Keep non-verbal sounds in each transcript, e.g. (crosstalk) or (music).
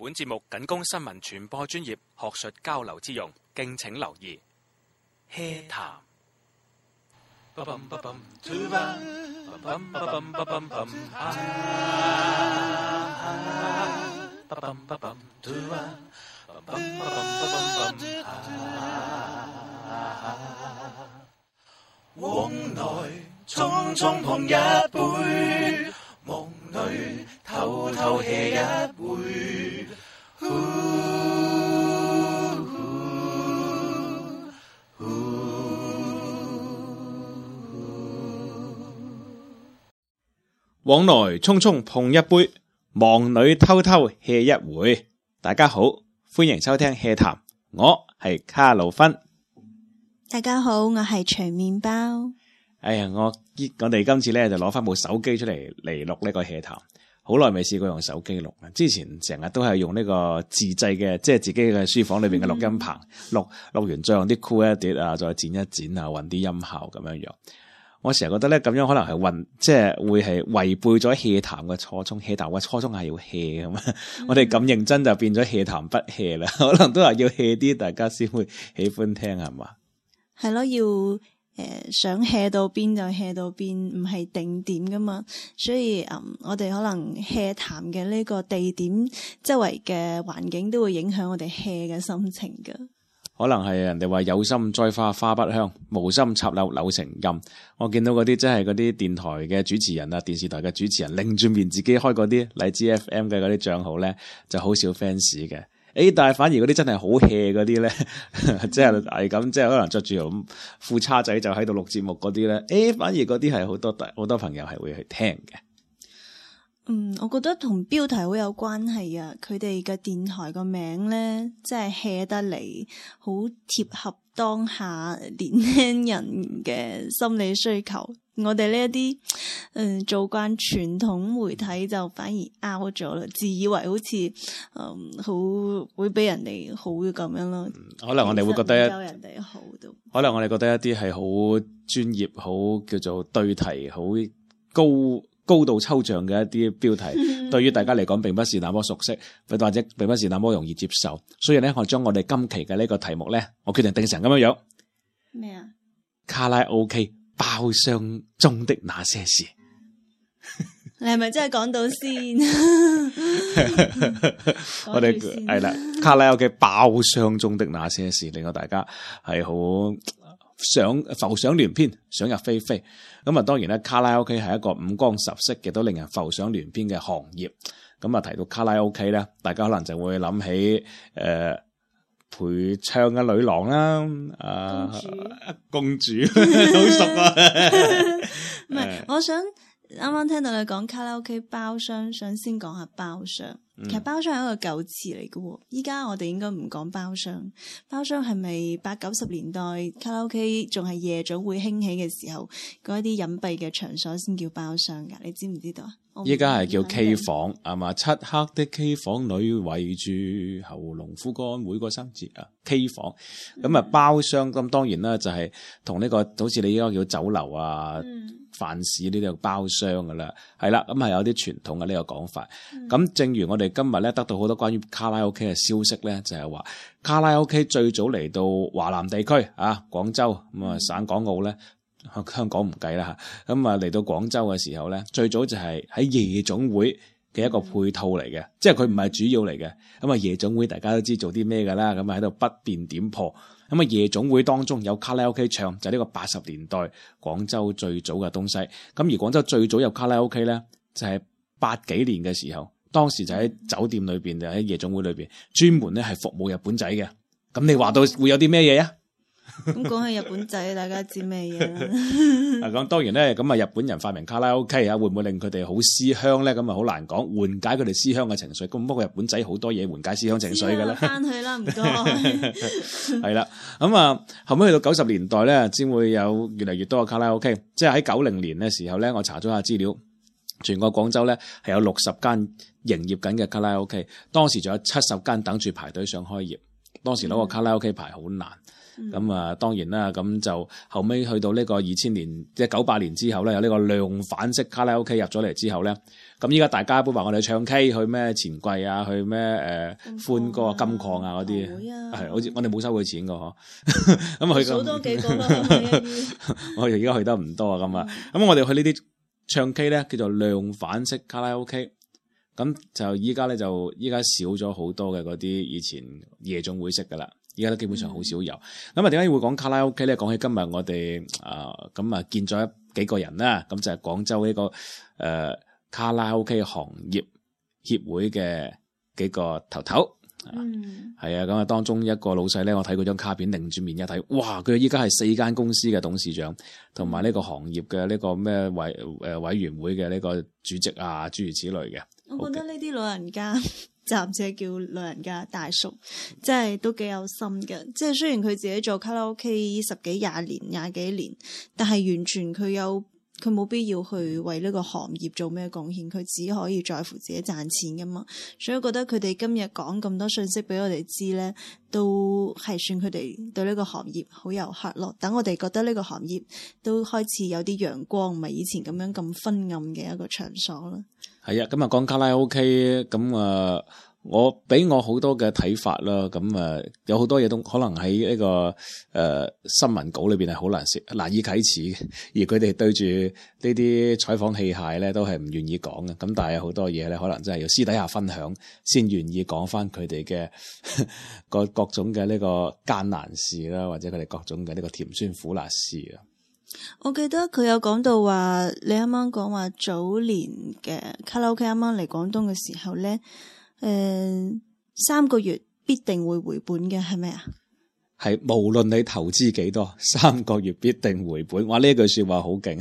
本節目僅供新聞傳播專業學術交流之用，敬請留意。HEA 談。往內匆匆碰一杯。往偷偷歇一會。往來匆匆碰一杯，忙裏偷偷歇一回。大家好，歡迎收聽《HEA 談》，我係卡路芬。大家好，我係長麵包。哎呀，我我哋今次咧，就攞翻部手機出嚟，嚟錄呢個戲談，好耐未試過用手機錄啦。之前成日都係用呢個自製嘅，即係自己嘅書房裏邊嘅錄音棚、嗯、錄，錄完再用啲 Cool Edit 啊，ed it, 再剪一剪啊，混啲音效咁樣樣。我成日覺得咧，咁樣可能係混，即係會係違背咗戲談嘅初衷。戲談嘅初衷係要戲咁嘛，嗯、我哋咁認真就變咗戲談不戲啦。可能都話要戲啲，大家先會喜歡聽係嘛？係咯，要。誒，想 hea 到邊就 hea 到邊，唔係定點㗎嘛，所以嗯，我哋可能 hea 談嘅呢個地點周圍嘅環境都會影響我哋 hea 嘅心情㗎。可能係人哋話有心栽花花不香，無心插柳柳成蔭。我見到嗰啲真係嗰啲電台嘅主持人啊，電視台嘅主持人，擰轉面自己開嗰啲荔枝 FM 嘅嗰啲帳號咧，就好少 fans 嘅。誒，但係反而嗰啲真係好 hea 嗰啲咧，即係係咁，即係可能着住咁褲叉仔就喺度錄節目嗰啲咧，誒，反而嗰啲係好多好多朋友係會去聽嘅。嗯，我覺得同標題好有關係啊，佢哋嘅電台個名咧，真係 hea 得嚟，好貼合當下年輕人嘅心理需求。我哋呢一啲，嗯，做慣傳統媒體就反而 out 咗啦，自以為好似，嗯，好會俾人哋好咁樣咯、嗯。可能我哋會覺得，人哋好，可能我哋覺得一啲係好專業、好叫做對題、好高高度抽象嘅一啲標題， (laughs) 對於大家嚟講，並不是那麼熟悉，或者並不是那麼容易接受。所以咧，我將我哋今期嘅呢個題目咧，我決定定成咁樣樣。咩啊？卡拉 OK。包廂中的那些事，你係咪真係講到先？ (laughs) (laughs) 吧 (laughs) 我哋係啦，卡拉 OK 包廂中的那些事，令到大家係好想浮想聯翩，想入非非。咁啊，當然啦，卡拉 OK 係一個五光十色嘅，都令人浮想聯翩嘅行業。咁啊，提到卡拉 OK 咧，大家可能就會諗起誒。呃陪唱嘅女郎啦、啊，啊公主，好、啊、 (laughs) 熟啊，唔 (laughs) 係， (laughs) 我想啱啱聽到你講卡拉 OK 包廂，想先講下包廂。其實包廂係一個舊詞嚟嘅，依家我哋應該唔講包廂。包廂係咪八九十年代卡拉 OK 仲係夜總會興起嘅時候嗰啲隱蔽嘅場所先叫包廂噶？你知唔知道啊？依家係叫 K 房係嘛？漆、嗯、黑的 K 房裏圍住後農夫哥每個生節啊 K 房咁啊、嗯、包廂咁，當然啦就係同呢個好似你依家叫酒樓啊、嗯、飯市呢度包廂噶啦係啦，咁係有啲傳統嘅呢個講法咁、嗯、正如我哋今日咧得到好多關於卡拉 OK 嘅消息咧，就係、是、話卡拉 OK 最早嚟到華南地區啊廣州咁啊省港澳咧。嗯香港唔計啦吓，咁啊嚟到廣州嘅時候咧，最早就係喺夜總會嘅一個配套嚟嘅，即係佢唔係主要嚟嘅。咁啊夜總會，大家都知做啲咩噶啦，咁啊喺度不便點破。咁啊夜總會當中有卡拉 OK 唱，就係呢個八十年代廣州最早嘅東西。咁而廣州最早有卡拉 OK 咧，就係八幾年嘅時候，當時就喺酒店裏邊，就喺夜總會裏邊專門咧係服務日本仔嘅。咁你話到會有啲咩嘢啊？咁講起日本仔，大家知咩嘢啦？嗱，當然咧，咁啊，日本人發明卡拉 OK 啊，會唔會令佢哋好思鄉咧？咁啊，好難講，緩解佢哋思鄉嘅情緒。咁不過日本仔好多嘢緩解思鄉情緒嘅咧，翻去啦，唔該。 (laughs) (laughs) 係啦，咁啊，後尾去到九十年代咧，先會有越嚟越多嘅卡拉 OK。即係喺九零年嘅時候咧，我查咗下資料，全國廣州咧係有六十間營業緊嘅卡拉 OK，當時仲有七十間等住排隊想開業，當時攞個卡拉 OK 牌好難。嗯。咁啊、嗯，當然啦，咁就後尾去到呢個二千年，即係九八年之後咧，有呢個量販式卡拉 OK 入咗嚟之後咧，咁依家大家會話我哋唱 K 去咩錢櫃啊，去咩誒、啊、歡歌啊、金礦啊嗰啲，係好似我哋冇收佢錢嘅嗬，咁 (laughs) (laughs) (laughs) 去多？ (laughs) 我哋而家去得唔多啊咁啊，咁我哋去呢啲唱 K 咧叫做量販式卡拉 OK，咁 (laughs) 就依家咧就依家少咗好多嘅嗰啲以前夜總會式嘅啦。而家都基本上好少有，咁啊、嗯，點解會講卡拉 OK 咧？講起今日我哋啊，咁、呃、啊，見咗幾個人啦，咁、嗯、就係廣州呢、這個誒、呃、卡拉 OK 行業協會嘅幾個頭頭。啊、嗯，係啊，咁啊，當中一個老細咧，我睇嗰張卡片，擰住面一睇，哇！佢依家係四間公司嘅董事長，同埋呢個行業嘅呢個咩委誒、呃、委員會嘅呢個主席啊，諸如此類嘅。我覺得呢啲老人家，暫且 (laughs) 叫老人家大叔，真係都幾有心嘅。即係雖然佢自己做卡拉 OK 十幾廿年廿幾年，但係完全佢有。佢冇必要去為呢個行業做咩貢獻，佢只可以在乎自己賺錢噶嘛。所以我覺得佢哋今日講咁多信息俾我哋知咧，都係算佢哋對呢個行業好有黑咯。等我哋覺得呢個行業都開始有啲陽光，唔係以前咁樣咁昏暗嘅一個場所啦。係啊，今日講卡拉 OK 咁啊。呃我俾我好多嘅睇法啦，咁、嗯、誒有好多嘢都可能喺呢個誒、呃、新聞稿裏邊係好難寫難以啟齒嘅。而佢哋對住呢啲採訪器械咧，都係唔願意講嘅。咁、嗯、但係有好多嘢咧，可能真係要私底下分享先願意講翻佢哋嘅各各種嘅呢個艱難事啦，或者佢哋各種嘅呢個甜酸苦辣事啊。我記得佢有講到話，你啱啱講話早年嘅卡拉 OK 啱啱嚟廣東嘅時候咧。誒、嗯，三個月必定會回本嘅係咪啊？係無論你投資幾多，三個月必定回本。哇，呢句說話好勁，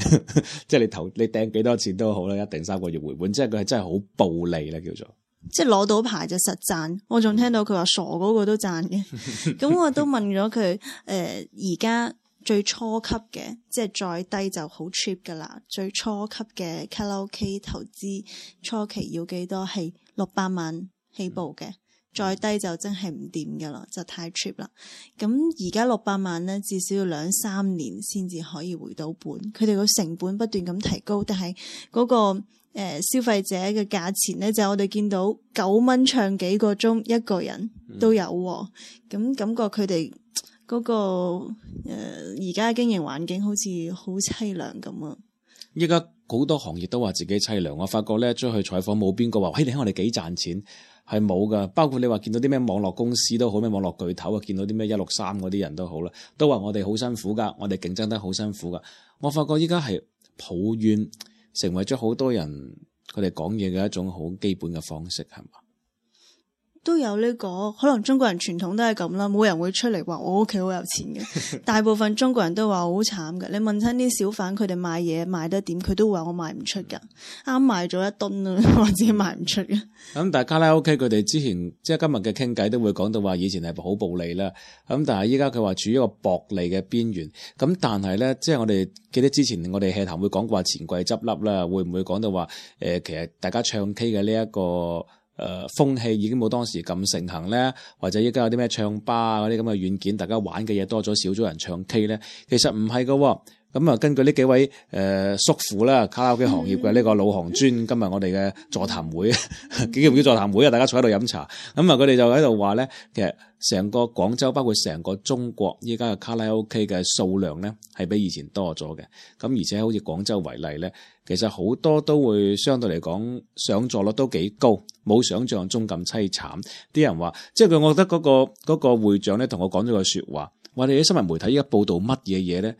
即係你投你掟幾多錢都好啦，一定三個月回本。即係佢係真係好暴利啦，叫做。即係攞到牌就實賺，我仲聽到佢話傻嗰個都賺嘅。咁 (laughs) 我都問咗佢，誒、呃，而家最初級嘅，即係再低就好 cheap 噶啦。最初級嘅卡拉 OK 投資初期要幾多？係？六百萬起步嘅，再低就真係唔掂㗎啦，就太 cheap 啦。咁而家六百萬呢，至少要兩三年先至可以回到本。佢哋個成本不斷咁提高，但係嗰、嗰個、呃、消費者嘅價錢呢，就係、我哋見到九蚊唱幾個鐘一個人都有喎。咁、嗯、感覺佢哋嗰個而家、呃、經營環境好似好凄涼咁啊～依家好多行業都話自己凄涼，我發覺咧，出去採訪冇邊個話，嘿、哎，你睇我哋幾賺錢，係冇噶。包括你話見到啲咩網絡公司都好，咩網絡巨頭啊，見到啲咩一六三嗰啲人都好啦，都話我哋好辛苦噶，我哋競爭得好辛苦噶。我發覺依家係抱怨成為咗好多人佢哋講嘢嘅一種好基本嘅方式，係嘛？都有呢、這個，可能中國人傳統都係咁啦，冇人會出嚟話我屋企好有錢嘅。 (laughs) 大部分中國人都話好慘嘅。你問親啲小販，佢哋賣嘢賣得點，佢都話我賣唔出噶。啱賣咗一噸啊，我自己賣唔出嘅。咁但係卡拉 OK 佢哋之前即係今日嘅傾偈都會講到話以前係好暴利啦。咁但係依家佢話處於一個薄利嘅邊緣。咁但係咧，即係我哋記得之前我哋 HEA 談會講過話錢櫃執笠啦，會唔會講到話誒、呃？其實大家唱 K 嘅呢一個。誒、呃、風氣已經冇當時咁盛行咧，或者依家有啲咩唱吧啊嗰啲咁嘅軟件，大家玩嘅嘢多咗，少咗人唱 K 咧，其實唔係噶。咁啊，根據呢幾位誒、呃、叔父啦，卡拉 OK 行業嘅呢、這個老行尊，今日我哋嘅座談會，幾 (laughs) 叫唔叫座談會啊？大家坐喺度飲茶，咁、嗯、啊，佢哋就喺度話咧，其實成個廣州，包括成個中國，依家嘅卡拉 OK 嘅數量咧，係比以前多咗嘅。咁而且好似廣州為例咧，其實好多都會相對嚟講，上座率都幾高，冇想象中咁淒慘。啲人話，即係佢，我覺得嗰、那個嗰、那個那個會長咧，同我講咗個說話，話你喺新聞媒體依家報道乜嘢嘢咧？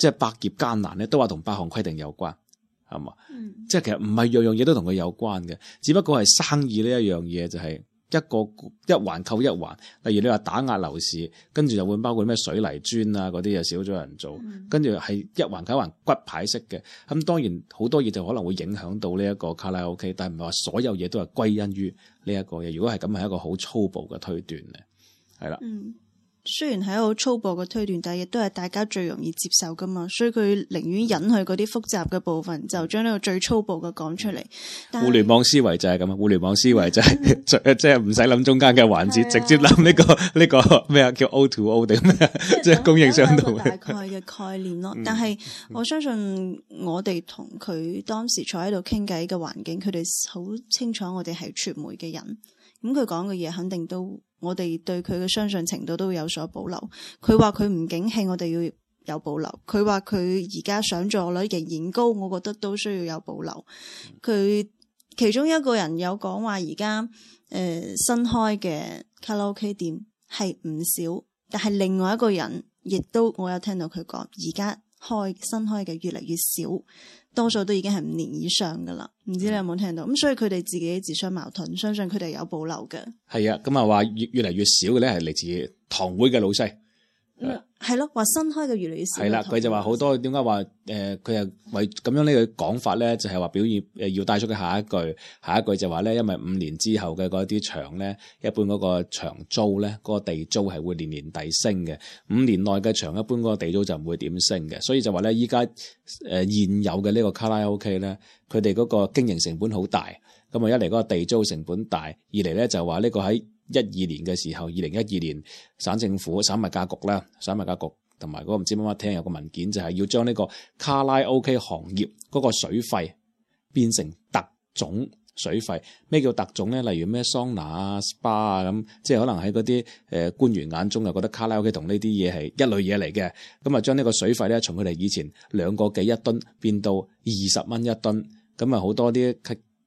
即係百業艱難咧，都話同八項規定有關，係嘛？嗯、即係其實唔係樣樣嘢都同佢有關嘅，只不過係生意呢一樣嘢就係一個一環扣一環。例如你話打壓樓市，跟住就會包括咩水泥磚啊嗰啲又少咗人做，嗯、跟住係一環扣一環骨牌式嘅。咁、嗯、當然好多嘢就可能會影響到呢一個卡拉 OK，但係唔係話所有嘢都係歸因於呢一個嘢。如果係咁，係一個好粗暴嘅推斷咧，係啦。嗯嗯。雖然係一個粗暴嘅推斷，但亦都係大家最容易接受噶嘛。所以佢寧願隱去嗰啲複雜嘅部分，就將呢個最粗暴嘅講出嚟，嗯，但係。互聯網思維就係咁啊！互聯網思維就係即係唔使諗中間嘅環節，嗯、直接諗呢、呢個呢、嗯呢個咩啊、呢個、叫 O to O 定咩、嗯、即係供應商度大概嘅概念咯。嗯嗯嗯、但係我相信我哋同佢當時坐喺度傾偈嘅環境，佢哋好清楚我哋係傳媒嘅人，咁佢講嘅嘢肯定都。我哋對佢嘅相信程度都有所保留。佢話佢唔景氣，我哋要有保留。佢話佢而家上座率仍然高，我覺得都需要有保留。佢其中一個人有講話，而家誒新開嘅卡拉 OK 店係唔少，但係另外一個人亦都我有聽到佢講而家。開，新開嘅越嚟越少，多數都已經係五年以上噶啦，唔知你有冇聽到咁？所以佢哋自己自相矛盾，相信佢哋有保留嘅。係啊，咁啊話越越嚟越少嘅咧，係嚟自堂會嘅老細。係咯，話新開嘅越嚟越少。係啦，佢就話好多點解話誒佢係為咁、呃、樣呢個講法咧，就係、是、話表現誒、呃、要帶出嘅下一句，下一句就話咧，因為五年之後嘅嗰啲場咧，一般嗰個場租咧，嗰、那個地租係會年年遞升嘅。五年內嘅場，一般嗰個地租就唔會點升嘅。所以就話咧，依家誒現有嘅呢個卡拉 OK 咧，佢哋嗰個經營成本好大。咁啊，一嚟嗰個地租成本大，二嚟咧就話呢個喺一二年嘅時候，二零一二年省政府省物價局啦，省物價局同埋嗰個唔知乜乜廳有個文件，就係要將呢個卡拉 OK 行業嗰個水費變成特種水費。咩叫特種咧？例如咩桑拿啊、SPA 啊咁，即係可能喺嗰啲誒官員眼中又覺得卡拉 OK 同呢啲嘢係一類嘢嚟嘅。咁啊，將呢個水費咧從佢哋以前兩個幾一噸變到二十蚊一噸，咁啊好多啲。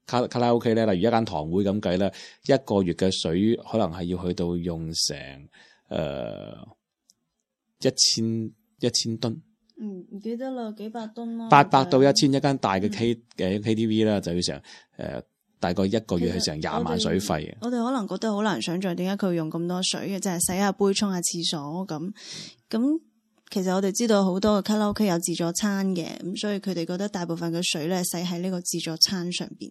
卡拉卡拉 O K 咧，例如一間堂會咁計咧，一個月嘅水可能係要去到用成誒一千一千噸。呃、1, 000, 1, 000噸，嗯，唔記得啦，幾百噸啦。八百到 1, 是一千一間大嘅 K 嘅、嗯、K T V 啦，就要成誒、呃、大概一個月係成廿萬水費。我哋可能覺得好難想象，點解佢會用咁多水嘅，就係、是、洗下杯、沖下廁所咁咁。其實我哋知道好多嘅卡拉 OK 有自助餐嘅，咁所以佢哋覺得大部分嘅水咧使喺呢個自助餐上邊。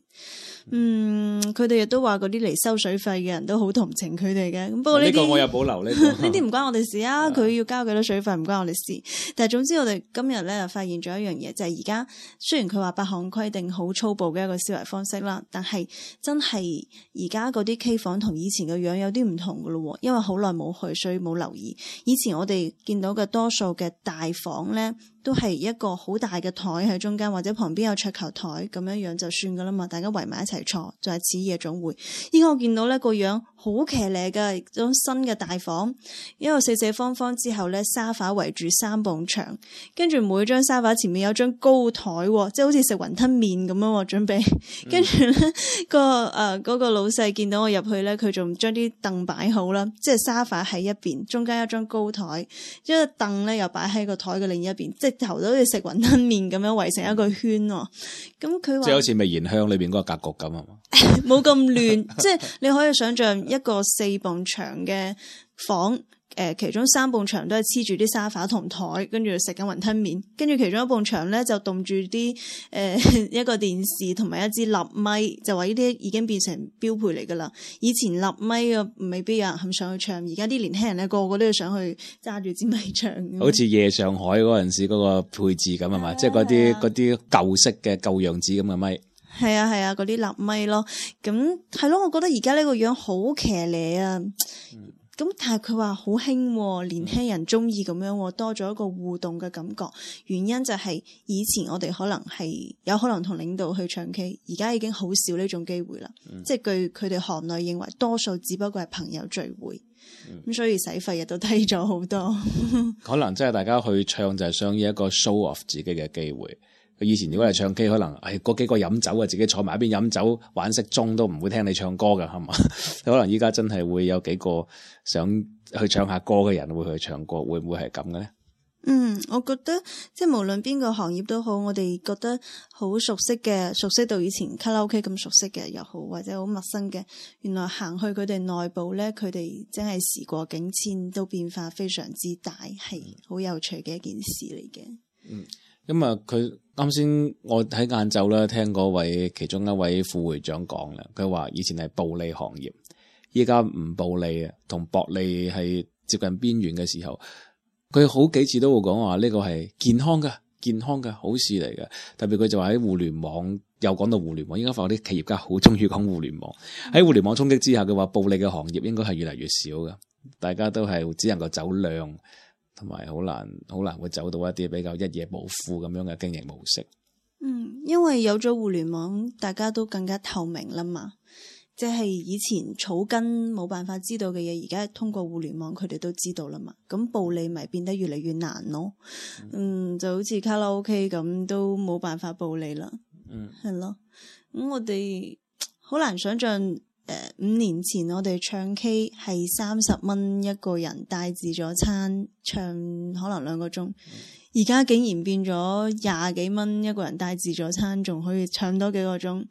嗯，佢哋亦都話嗰啲嚟收水費嘅人都好同情佢哋嘅。不過呢個我有保留，呢啲唔關我哋事啊。佢是的 要交幾多水費唔關我哋事。但係總之我哋今日咧發現咗一樣嘢，就係而家雖然佢話八項規定好粗暴嘅一個消費方式啦，但係真係而家嗰啲 K 房同以前嘅樣有啲唔同噶咯。因為好耐冇去，所以冇留意。以前我哋見到嘅多數。嘅大房咧，都係一個好大嘅台喺中間，或者旁邊有桌球台咁樣樣就算噶啦嘛，大家圍埋一齊坐就係此夜總會。依家我見到咧個樣好騎呢嘅，種新嘅大房，一個四四方方之後咧，沙發圍住三埲牆，跟住每張沙發前面有張高台，哦，即係好似食雲吞麵咁樣，準備跟住咧個誒嗰、呃嗰個老細見到我入去咧，佢仲將啲凳擺好啦，即係沙發喺一邊，中間一張高台，一個凳咧。就擺喺個台嘅另一邊，直頭都好似食雲吞麵咁樣圍成一個圈。咁佢話即係好似未燃香裏邊嗰個格局咁啊，冇咁亂。 (laughs) 即係你可以想象一個四磅長嘅房。誒，其中三埲牆都係黐住啲沙發同枱，跟住食緊雲吞麵，跟住其中一埲牆咧就棟住啲誒一個電視同埋一支立咪，就話呢啲已經變成標配嚟㗎啦。以前立咪啊，未必有人肯上去唱，而家啲年輕人咧個個都要上去揸住支咪唱。好似夜上海嗰陣時嗰個配置咁係嘛？即係嗰啲啲舊式嘅舊樣子咁嘅咪。係啊係啊，嗰啲、啊、立咪咪咯。咁係咯，我覺得而家呢個樣好騎呢啊。嗯咁但係佢話好興，年輕人中意咁樣，多咗一個互動嘅感覺。原因就係以前我哋可能係有可能同領導去唱 K，而家已經好少呢種機會啦。嗯、即係據佢哋行內認為，多數只不過係朋友聚會，咁、嗯、所以使費亦都低咗好多。 (laughs) 可能即係大家去唱就係想要一個 show off 自己嘅機會。以前如果係唱 K，ey, 可能誒嗰、哎、幾個飲酒啊，自己坐埋一邊飲酒玩骰盅都唔會聽你唱歌噶，係嘛？ (laughs) 可能依家真係會有幾個想去唱下歌嘅人會去唱歌，會唔會係咁嘅咧？嗯，我覺得即係無論邊個行業都好，我哋覺得好熟悉嘅，熟悉到以前卡拉 OK 咁熟悉嘅，又好或者好陌生嘅，原來行去佢哋內部咧，佢哋真係時過境遷，都變化非常之大，係好有趣嘅一件事嚟嘅。嗯。咁啊！佢啱先我喺晏晝咧聽嗰位其中一位副會長講啦，佢話以前係暴利行業，依家唔暴利啊，同薄利係接近邊緣嘅時候，佢好幾次都會講話呢個係健康嘅、健康嘅好事嚟嘅。特別佢就話喺互聯網又講到互聯網，依家發覺啲企業家好中意講互聯網。喺、嗯、互聯網衝擊之下，佢話暴利嘅行業應該係越嚟越少嘅，大家都係只能夠走量。同埋好難，好難會走到一啲比較一夜暴富咁樣嘅經營模式。嗯，因為有咗互聯網，大家都更加透明啦嘛。即係以前草根冇辦法知道嘅嘢，而家通過互聯網，佢哋都知道啦嘛。咁暴利咪變得越嚟越難咯。嗯，嗯，就好似卡拉 OK 咁，都冇辦法暴利啦。嗯，係咯。咁我哋好難想象。五年前我哋唱 K 係三十蚊一個人，帶自助餐，唱可能兩個鐘。嗯而家竟然變咗廿幾蚊一個人帶自助餐，仲可以唱多幾個鐘。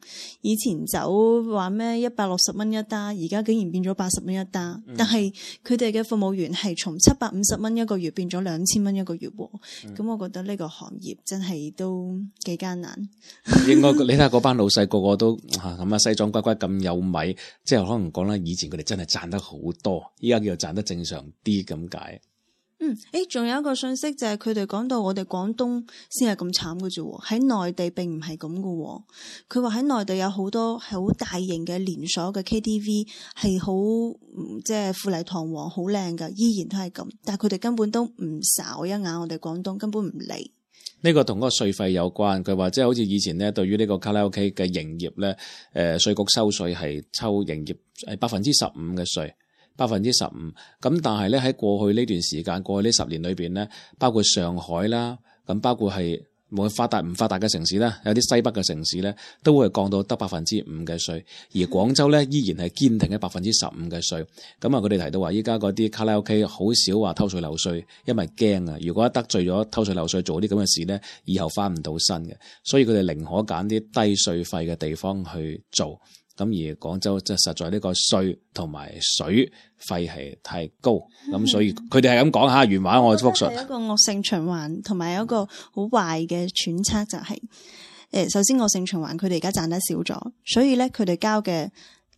以前就話咩一百六十蚊一單，而家竟然變咗八十蚊一單。嗯、但係佢哋嘅服務員係從七百五十蚊一個月變咗兩千蚊一個月。咁、嗯、我覺得呢個行業真係都幾艱難。應該、嗯嗯、 (laughs) 你睇下嗰班老細個個都咁啊西裝乖乖咁有米，即係可能講啦，以前佢哋真係賺得好多，依家叫做賺得正常啲咁解。嗯，誒、欸，仲有一個信息就係佢哋講到我哋廣東先係咁慘嘅啫，喺內地並唔係咁嘅喎。佢話喺內地有好多係好大型嘅連鎖嘅 KTV 係好即係富麗堂皇、好靚嘅，依然都係咁。但係佢哋根本都唔睄一眼，我哋廣東根本唔嚟。呢個同嗰個稅費有關。佢話即係好似以前咧，對於呢個卡拉 OK 嘅營業咧，誒、呃，稅局收稅係抽營業係百分之十五嘅稅。百分之十五，咁但係咧，喺過去呢段時間，過去呢十年裏邊咧，包括上海啦，咁包括係冇發達唔發達嘅城市啦，有啲西北嘅城市咧，都會降到得百分之五嘅稅，而廣州咧依然係堅挺喺百分之十五嘅稅。咁啊，佢哋提到話，依家嗰啲卡拉 OK 好少話偷稅漏稅，因為驚啊，如果得罪咗偷稅漏稅做啲咁嘅事咧，以後翻唔到身嘅，所以佢哋寧可揀啲低稅費嘅地方去做。咁而廣州即係實在呢個稅同埋水費係太高，咁、嗯、所以佢哋係咁講吓，原話我複述。一個惡性循環，同埋有一個好壞嘅揣測就係、是，誒、呃，首先惡性循環，佢哋而家賺得少咗，所以咧佢哋交嘅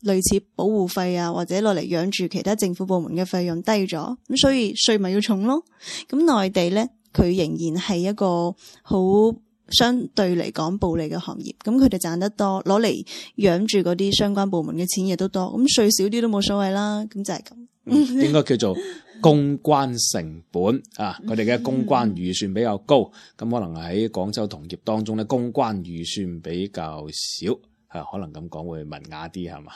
類似保護費啊，或者落嚟養住其他政府部門嘅費用低咗，咁所以稅咪要重咯。咁內地咧，佢仍然係一個好。相對嚟講暴利嘅行業，咁佢哋賺得多，攞嚟養住嗰啲相關部門嘅錢亦都多，咁稅少啲都冇所謂啦，咁就係咁。 (laughs) 應該叫做公關成本啊，佢哋嘅公關預算比較高，咁可能喺廣州同業當中咧，公關預算比較少。可能咁講會文雅啲係嘛？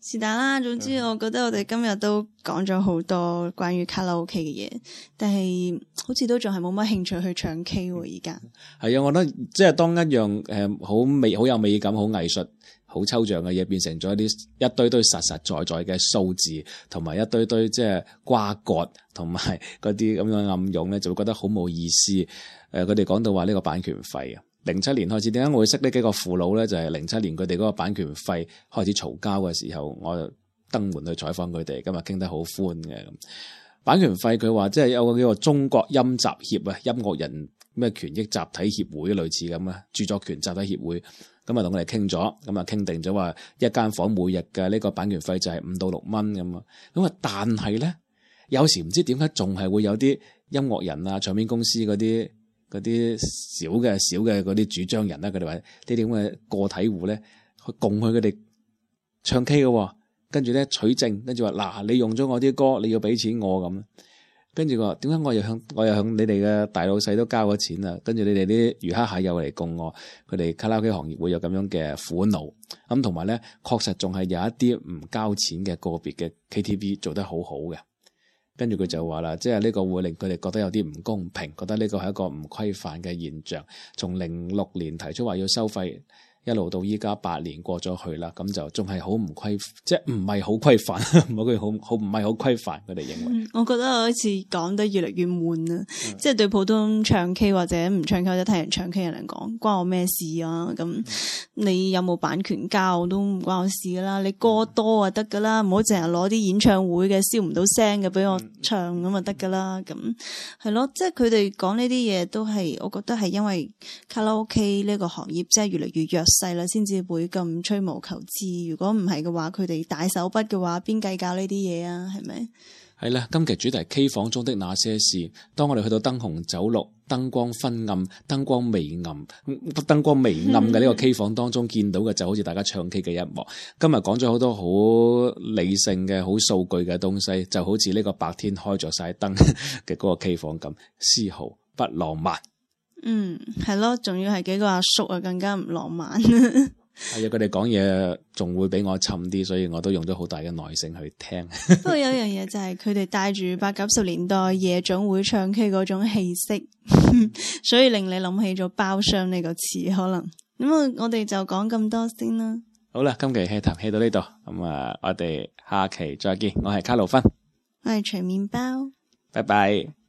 是但啦。總之我覺得我哋今日都講咗好多關於卡拉 OK 嘅嘢，但係好似都仲係冇乜興趣去唱 K 喎。而家係啊，我覺得即係當一樣誒好美、好有美感、好藝術、好抽象嘅嘢，變成咗一啲一堆堆實實在在嘅數字，同埋一堆堆即係瓜葛，同埋嗰啲咁樣暗湧咧，就會覺得好冇意思。誒，佢哋講到話呢個版權費啊。零七年開始，點解我會識呢幾個父老咧？就係零七年佢哋嗰個版權費開始嘈交嘅時候，我就登門去採訪佢哋，今日傾得好歡嘅。版權費佢話，即係有個叫做中國音集協啊，音樂人咩權益集體協會類似咁啊，著作權集體協會。咁啊同我哋傾咗，咁啊傾定咗話，一間房每日嘅呢個版權費就係五到六蚊咁啊。咁啊，但係咧，有時唔知點解仲係會有啲音樂人啊、唱片公司嗰啲。嗰啲小嘅小嘅嗰啲主張人啦，佢哋話呢啲咁嘅個體戶咧，去共佢哋唱 K 嘅，跟住咧取證，跟住話嗱，你用咗我啲歌，你要俾錢我咁。跟住話點解我又向我又向你哋嘅大老細都交咗錢啊？跟住你哋啲魚蝦蟹又嚟供我，佢哋卡拉 OK 行業會有咁樣嘅苦惱。咁同埋咧，確實仲係有一啲唔交錢嘅個別嘅 KTV 做得好好嘅。跟住，佢就話啦，即係呢個會令佢哋覺得有啲唔公平，覺得呢個係一個唔規範嘅現象。從零六年提出話要收費。一路到依家八年過咗去啦，咁就仲係好唔規，即係唔係好規範，唔好佢好好唔係好規範佢哋、就是、 (laughs) 認為、嗯。我覺得我好似講得越嚟越悶啊，即係、嗯、對普通唱 K 或者唔唱 K 或者聽人唱 K 人嚟講，關我咩事啊？咁、嗯、你有冇版權交都唔關我事啦、啊，你歌多啊得噶啦，唔好成日攞啲演唱會嘅消唔到聲嘅俾我唱咁啊得噶啦，咁係咯，即係佢哋講呢啲嘢都係我覺得係因為卡拉 OK 呢個行業即係、就是、越嚟越，越弱。細啦，先至會咁吹毛求疵。如果唔係嘅話，佢哋大手筆嘅話，邊計較呢啲嘢啊？係咪？係啦，今期主題 K 房中的那些事。當我哋去到燈紅酒綠、燈光昏暗、燈光微暗、燈光微暗嘅呢個 K 房當中，見到嘅 (laughs) 就好似大家唱 K 嘅一幕。今日講咗好多好理性嘅、好數據嘅東西，就好似呢個白天開咗晒燈嘅嗰個 K 房咁，絲毫不浪漫。嗯，係咯，仲要係幾個阿叔啊，更加唔浪漫。係啊，佢哋講嘢仲會比我沉啲，所以我都用咗好大嘅耐性去聽。 (laughs) 不過有一樣嘢就係佢哋帶住八九十年代夜總會唱 K 嗰種氣息， (laughs) 所以令你諗起咗包廂呢個詞可能。咁我我哋就講咁多先啦。好啦，今期 HEA 談喺到呢度，咁啊，我哋下期再見。我係卡路芬，我係徐麵包，拜拜。